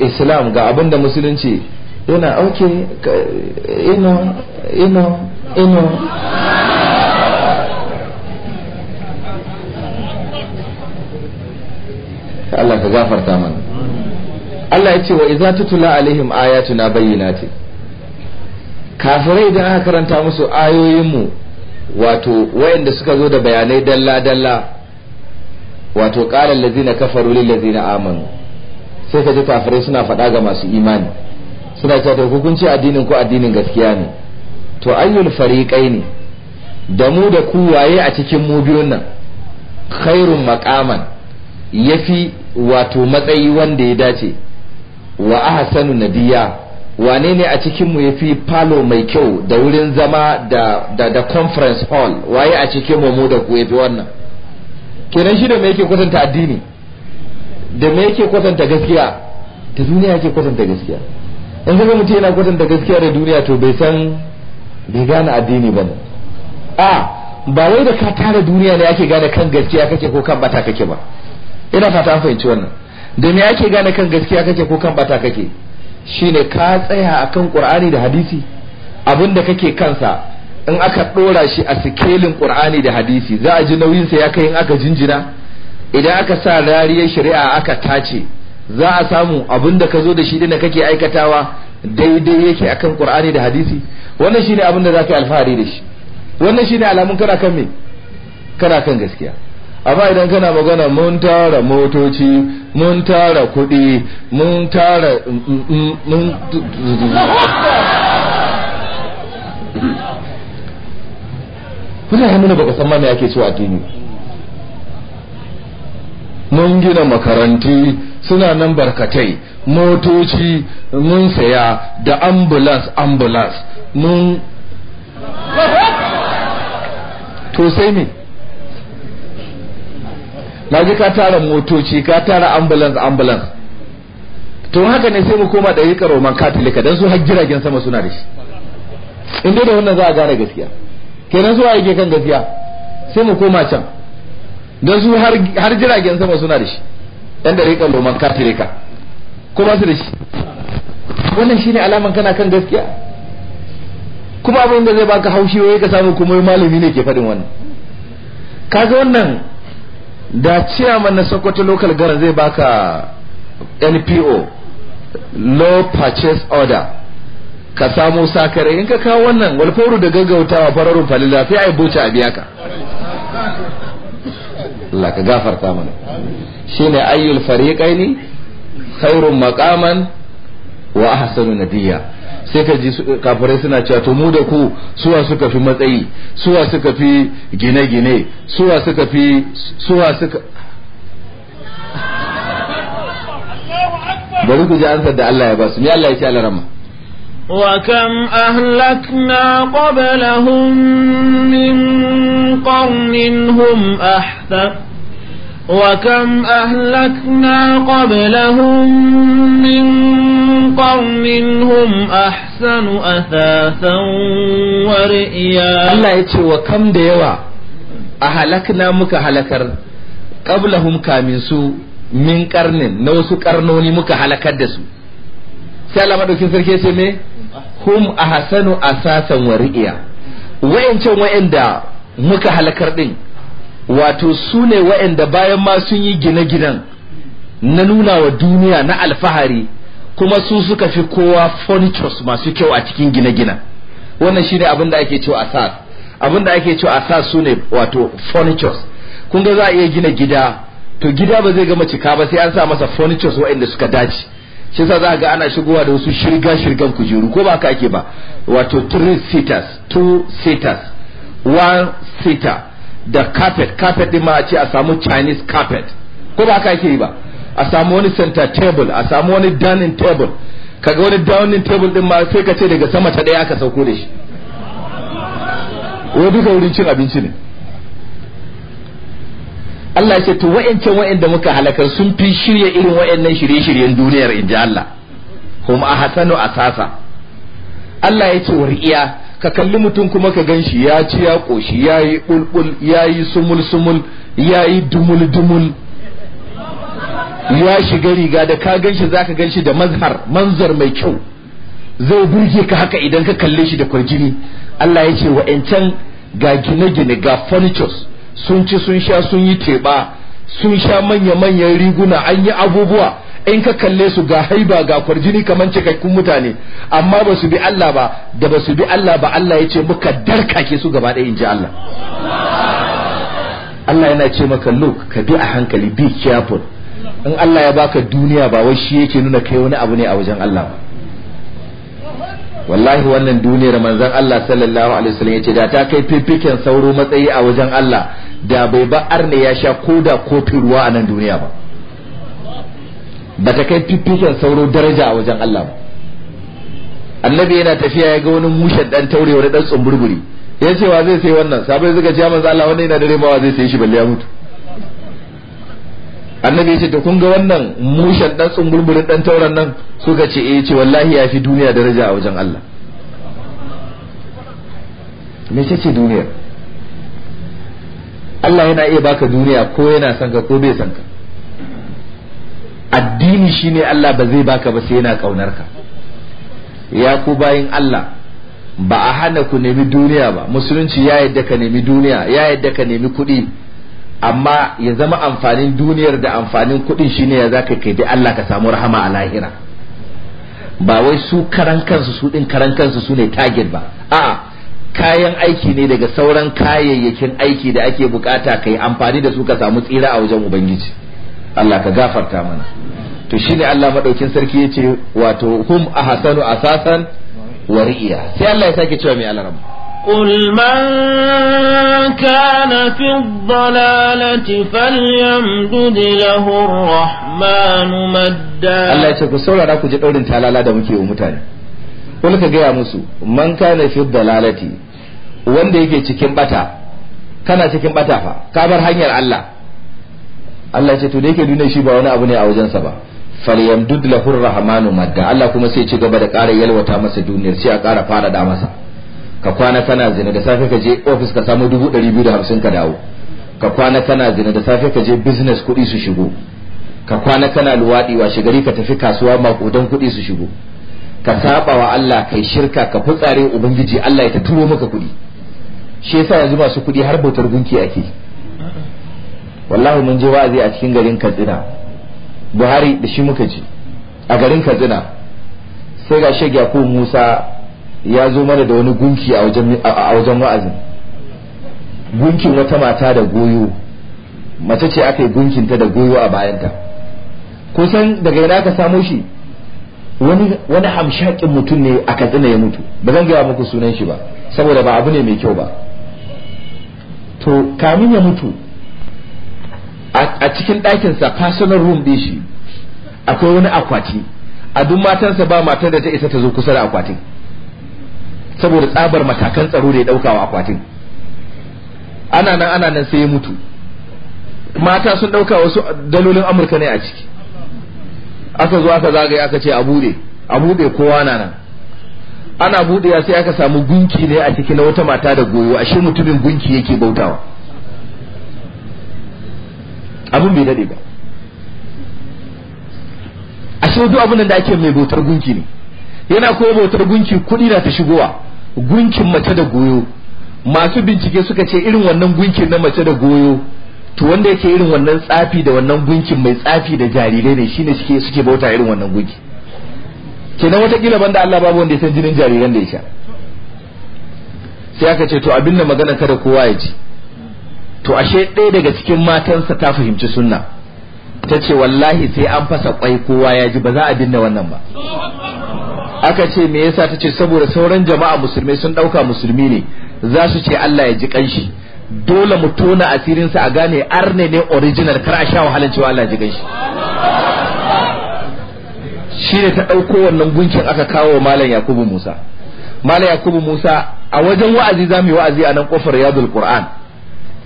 islam ga abin da musulunci yana ok ino ino ino Allah ka gafarta mana Allah ya ce wa idza tutula alaihim ayatuna bayyinati kafirai idan aka karanta musu ayoyin mu. wato wayanda suka zo da bayanai dalla dalla wato qala allazina kafaru lil amanu sai ka ji kafirai suna faɗa ga masu imani suna cewa da hukunci addinin ko addinin gaskiya ne to ayyul fariqai ne da mu da ku waye a cikin mu biyun nan khairun maqaman yafi wato matsayi wanda ya dace wa ahsanu nabiyya wane ne a cikinmu ya fi palo mai kyau da wurin zama da da conference hall waye a cikinmu mu da ku ya fi wannan kenan shi da me yake kwatanta addini da me yake kwatanta gaskiya da duniya yake kwatanta gaskiya in kaga mutum yana kwatanta gaskiya da duniya to bai san bai gane addini ba ne a ba wai da ka tara duniya ne ake gane kan gaskiya kake ko kan bata kake ba ina fata an fahimci wannan da me ake gane kan gaskiya kake ko kan bata kake shine ka tsaya akan qur'ani da hadisi abinda kake kansa in aka dora shi a sikelin qur'ani da hadisi za a ji nauyin sa ya kai in aka jinjira idan aka sa rariyar shari'a aka tace za a samu abinda ka zo da shi din kake aikatawa daidai yake akan qur'ani da hadisi wannan shine abinda zaka yi alfahari da shi wannan shine alamun kana kan me kana kan gaskiya amma idan kana magana mun tara motoci mun tara kuɗi mun tara mm, mm, mm, mun <laughs> mutane nuna baka san ma me ake mun gina makaranti suna nan barkatai motoci mun saya da ambulance ambulance mun <laughs> to sai me na ji ka tara motoci ka tara ambulance ambulance to haka ne sai mu koma da yika roman katolika dan su har jiragen sama suna da shi in dai da wannan za a gane gaskiya kenan su yake kan gaskiya sai mu koma can dan su har jiragen sama suna da shi dan da yika roman katolika ba su da shi wannan shine alaman kana kan gaskiya kuma abin da zai baka haushi waye ka samu kuma malami ne ke faɗin wannan kaga wannan da ciyaman na sokoto local gara zai baka npo low purchase order ka samu sakare in ka kawo wannan walfauru da gaggautawa fararun falila sai ai buce a biya ka Allah ka gafarta mana shine ayyul fariqaini khairun maqaman wa ahsanu nabiyya sai ka ji kafirai suna cewa to mu da ku suwa suka fi matsayi suwa suka fi gine-gine suwa suka fi suwa suka <laughs> bari ku ji ansar da Allah ya ba su ni Allah ya ce alarama وكم أهلكنا قبلهم من قرن هم أحسن وكم أهلكنا قبلهم من قوم هم أحسن أثاثا ورئيا الله يتشو وكم ديوا أهلكنا مك هلكر قبلهم كامنسو من قرن نوسو قرنوني مك هلكر دسو سألا ما دوكين سركي سمي هم أحسن أثاثا ورئيا وإن شو وإن دا مك هلكر دين wato su ne wa'anda bayan ma sun yi gine-ginen na nuna wa duniya na alfahari kuma su suka fi kowa furnitures masu kyau a cikin gine-ginen wannan shine abin da ake cewa asas abin da ake cewa asas su ne wato furnitures kun ga za a iya gina gida to gida ba zai gama cika ba sai an sa masa furnitures waɗanda suka dace shi sa za ga ana shigowa da wasu shirga shirgan kujeru ko ba haka ake ba wato three seaters two seaters one seater da carpet carpet din ma a ce a samu chinese carpet ko ba haka yake yi ba a samu wani center table a samu wani dining table kaga wani dining table din ma sai ka ce daga sama ta daya aka sauko da shi wai duka wurin cin abinci ne Allah ya ce to wa'ancan wa'anda muka halaka sun fi shirya irin wa'annan shirye-shiryen duniyar inji Allah kuma a hasanu asasa Allah ya ce wa ri'iya ka kalli mutum kuma ka gan shi ya ci ya ƙoshi ya yi ɓulɓul ya yi sumul-sumul ya yi dumul-dumul ya shiga riga da ka gan shi za ka gan shi da mazhar manzar mai kyau zai burge ka haka idan ka kalle shi da kwarjini Allah ya ce wa'yancan ga gine-gine ga furnitures sun ci sun sha sun yi teɓa sun sha manya-manyan riguna an yi abubuwa in ka kalle su ga haiba ga kwarjini kamar cikakkun mutane amma ba su bi Allah ba da ba su bi Allah ba Allah ya ce muka darkake su gaba ɗaya in ji Allah Allah yana ce maka look ka bi a hankali be careful in Allah ya baka duniya ba wai shi yake nuna kai wani abu ne a wajen Allah ba wallahi wannan duniyar manzon Allah sallallahu alaihi wasallam ce da ta kai fifiken sauro matsayi a wajen Allah da bai ba arne ya sha koda kofin ruwa a nan duniya ba ba ta kai fiffiken sauro daraja a wajen Allah ba annabi yana tafiya ya ga wani mushen dan taure wani dan tsumburburi ya ce wa zai sai wannan sabai zuga ce manzo Allah wannan yana da wa zai sai shi balle ya mutu annabi ya ce to kun ga wannan mushen dan tsumburburin dan tauren nan suka ce eh ce wallahi ya fi duniya daraja a wajen Allah me ce ce duniya Allah yana iya baka duniya ko yana son ka ko bai son ka addini shine Allah ba zai baka ba sai yana kaunar ka ya ku bayin Allah ba a hana ku nemi duniya ba musulunci ya yadda ka nemi duniya ya yadda ka nemi kuɗi amma ya zama amfanin duniyar da amfanin kuɗin shine ya zaka kai dai Allah ka samu rahama a lahira ba wai su karan kansu su din karan kansu su target ba a'a kayan aiki ne daga sauran kayayyakin aiki da ake bukata kai amfani da su ka samu tsira a wajen ubangiji Allah ka gafarta mana to shi ne Allah maɗaukin sarki yace wato hum ahsanu asasan wa riya sai Allah ya sake cewa mai Allah rabu kul man kana fi dhalalati falyamdud lahu arrahman madda Allah ya ce ku saurara ku ji daurin talala da muke mutane ko ne ka musu man kana fi dhalalati wanda yake cikin bata kana cikin bata fa kabar hanyar Allah Allah ya ce to da yake duniya shi ba wani abu ne a wajen sa ba falyamdud lahu rahmanu madda Allah kuma sai ci gaba da ƙara yalwata masa duniyar sai a ƙara fara da masa ka kwana kana zina da safe ka je office ka samu 250 ka dawo ka kwana kana zina da safe ka je business kuɗi su shigo ka kwana kana luwaɗi wa shigari ka tafi kasuwa makudan kuɗi su shigo ka saba wa Allah kai shirka ka fitsare ubangiji Allah ya ta turo maka kuɗi shi yasa yanzu masu kuɗi har bautar gunki ake wallahi mun je wa'azi a cikin garin katsina buhari da shi muka ji a garin katsina sai ga shagya yakub musa ya zo mana da wani gunki a wajen wa'azin gunkin wata mata da goyo mace ce aka yi ta da goyo a bayanta kusan daga yana ka samo shi wani hamshakin mutum ne a katsina ya mutu ba zan gaya muku sunan shi ba saboda ba abu ne mai kyau ba to kamin ya mutu a cikin ɗakinsa personal room din shi akwai wani akwati a duk matansa ba matar da ta isa ta zo kusa da akwatin saboda tsabar matakan tsaro da ya ɗauka wa akwatin ana nan ana nan sai ya mutu mata sun ɗauka wasu dalolin amurka ne a ciki aka zo aka zagaye aka ce a buɗe a buɗe kowa na nan ana buɗewa sai aka samu gunki ne a ciki na wata mata da goyo ashe mutumin gunki yake bautawa abin bai dade ba ashe duk abin da ake mai bautar gunki ne yana koya bautar gunki kuɗi na ta shigowa gunkin mace da goyo masu bincike suka ce irin wannan gunkin na mace da goyo to wanda yake irin wannan tsafi da wannan gunkin mai tsafi da jarirai ne shine suke suke bauta irin wannan gunki kenan kila banda Allah babu wanda ya san jinin jariran da ya sha sai aka ce to abin da magana kada kowa ya ji to ashe ɗaya daga cikin matansa ta fahimci sunna ta ce wallahi sai an fasa kwai kowa ya ji ba za a binne wannan ba aka ce me yasa ta ce saboda sauran jama'a musulmi sun ɗauka musulmi ne za su ce Allah ya ji kanshi dole mu tona asirinsa a gane arne ne original kar a sha wahalan cewa Allah ya ji kanshi shi ne ta ɗauko wannan gunkin aka kawo wa malam yakubu musa malam yakubu musa a wajen wa'azi za mu yi wa'azi a nan kofar yadul qur'an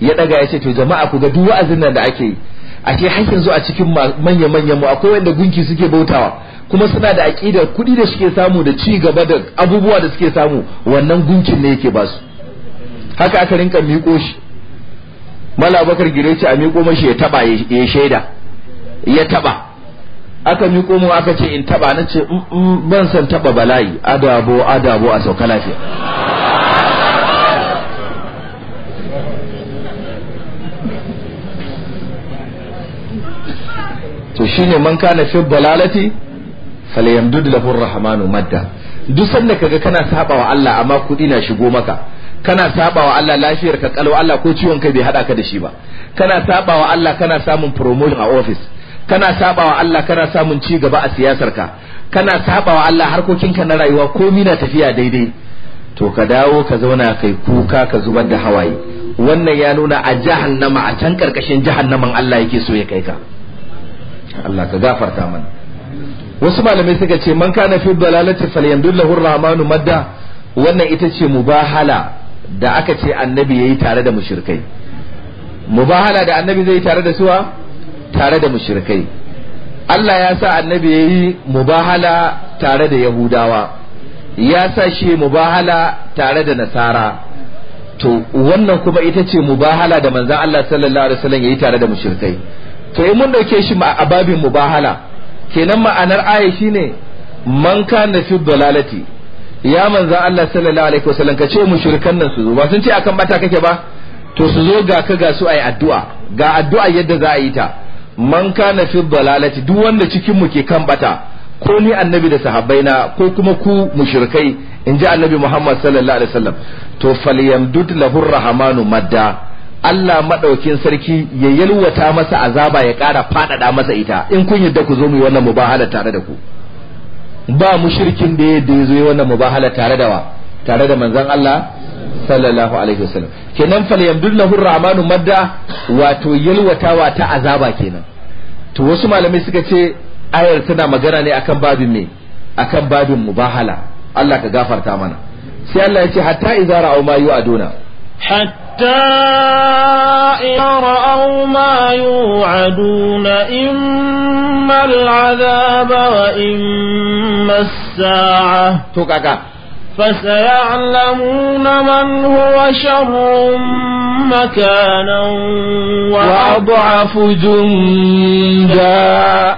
ya daga ya ce to jama'a ku ga duk wa'azin nan da ake yi ashe har yanzu a cikin manya manyan mu akwai wanda gunki suke bautawa kuma suna da aqidar kuɗi da suke samu da ci gaba da abubuwa da suke samu wannan gunkin ne yake basu haka aka rinka miƙo shi mala abakar gireci a miƙo mashi ya taba ya shaida ya taba aka miƙo mu aka ce in taba na ce mm, mm, ban san taba bala'i adabo adabo a sauka lafiya to shine man kana fi dalalati falyamdud lahu arrahmanu madda duk sanda kaga kana saba wa Allah amma kudi na shigo maka kana saba wa Allah lafiyar ka kalwa Allah ko ciwon kai bai hada ka da shi ba kana saba wa Allah kana samun promotion a office kana saba wa Allah kana samun ci gaba a siyasar ka kana saba wa Allah ka na rayuwa komai na tafiya daidai to ka dawo ka zauna kai kuka ka zubar da hawaye wannan ya nuna a jahannama a can karkashin jahannaman Allah yake so ya kai ka Allah ka gafarta mana wasu malamai suka ce man kana fi dalalati falyamdullahu rahmanu madda wannan ita ce mubahala da aka ce annabi yayi tare da mushrikai mubahala da annabi zai yi tare da suwa tare da mushrikai Allah ya sa annabi yayi mubahala tare da yahudawa ya sa shi mubahala tare da nasara to wannan kuma ita ce mubahala da manzon Allah sallallahu alaihi wasallam yayi tare da mushrikai to in mun dauke shi a babin mubahala kenan ma'anar aya shine man kana fi dalalati ya manzo Allah sallallahu alaihi wasallam ka ce mushrikan nan su zo ba sun ce akan bata kake ba to su zo ga ka ga su ayi addu'a ga addu'a yadda za a yi ta man kana fi dalalati duk wanda cikin mu ke kan bata ko ni annabi da na ko kuma ku mushrikai in ji annabi Muhammad sallallahu alaihi wasallam to falyamdud lahu rahmanu madda Allah maɗaukin sarki ya yalwata masa azaba ya ƙara faɗaɗa masa ita in kun yadda ku zo mu yi wannan mubahala tare da ku ba shirkin da yadda ya zo yi wannan mubahala tare da wa tare da manzon Allah sallallahu alaihi wasallam kenan falyamdullahu rahmanu madda wato yalwatawa ta azaba kenan to wasu malamai suka ce ayar tana magana ne akan babin ne akan babin mubahala Allah ka gafarta mana sai Allah ya ce hatta idza ra'aw ma yu'aduna حتى إذا رأوا ما يوعدون إما العذاب وإما الساعة تكاكا فسيعلمون من هو شر مكانا وأضعف جندا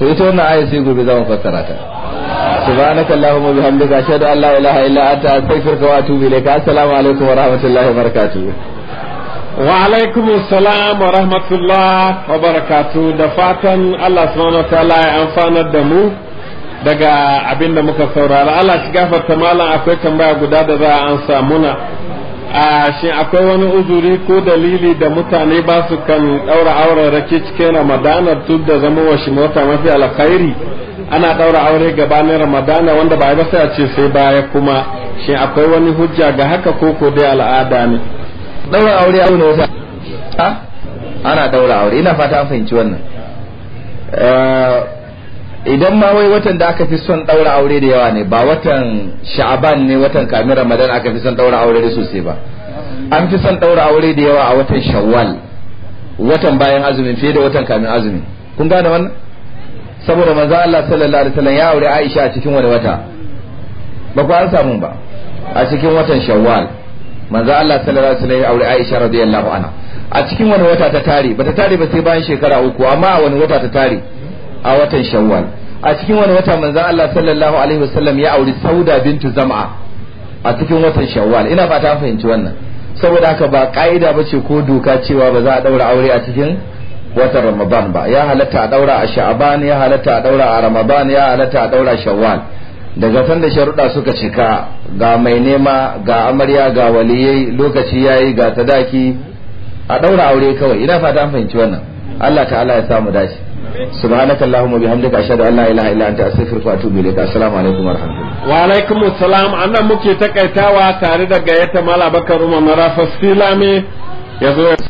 to ita wannan aya sai سبحانك اللهم وبحمدك أشهد أن لا إله إلا أنت أستغفرك وأتوب إليك السلام عليكم ورحمة الله وبركاته وعليكم السلام ورحمة الله وبركاته دفعتا الله سبحانه وتعالى أنفعنا الدمو daga abin da muka saurara Allah shi gafarta malam akwai tambaya guda da za a ansa muna a shi akwai wani uzuri ko dalili da mutane ba su kan daura auren rake cikin ramadana duk da zama wa shi mota mafi alkhairi ana daura aure gabanin ramadana wanda ba ba sai a ce sai baya kuma shin akwai wani hujja ga haka ko ko dai al'ada ne daura aure a ne wata a ana daura aure ina fata an fahimci wannan eh, idan ma wai watan da aka fi son daura aure da yawa ne ba watan sha'aban ne watan kamin ramadan aka fi son daura aure da sosai ba an fi son daura aure da yawa a watan shawwal watan bayan azumin fiye da watan kamin azumin kun gane wannan saboda manzo Allah sallallahu alaihi wasallam ya aure Aisha a cikin wani wata ba ku an samu ba a cikin watan Shawwal manzo Allah sallallahu alaihi wasallam ya aure Aisha radiyallahu anha a cikin wani wata ta tare ba ta tare ba sai bayan shekara uku amma a wani wata ta tare a watan Shawwal a cikin wani wata manzo Allah sallallahu alaihi wasallam ya aure Sauda bintu Zam'a a cikin watan Shawwal ina fata fahimci wannan saboda haka ba ka'ida bace ko doka cewa ba za a daura aure a cikin watan ramadan ba ya halatta a daura a sha'aban ya halatta a daura a ramadan ya halatta a daura shawwal daga san da sharuɗa suka cika ga mai nema ga amarya ga waliyai lokaci yayi ga tadaki a daura aure kawai ina fata an fahimci wannan Allah ta'ala ya samu dace سبحانك اللهم وبحمدك اشهد ان لا اله الا انت استغفرك واتوب اليك السلام عليكم ورحمه الله وعليكم السلام انا muke takaitawa tare da gayyata mala bakar umar marafa silame yazo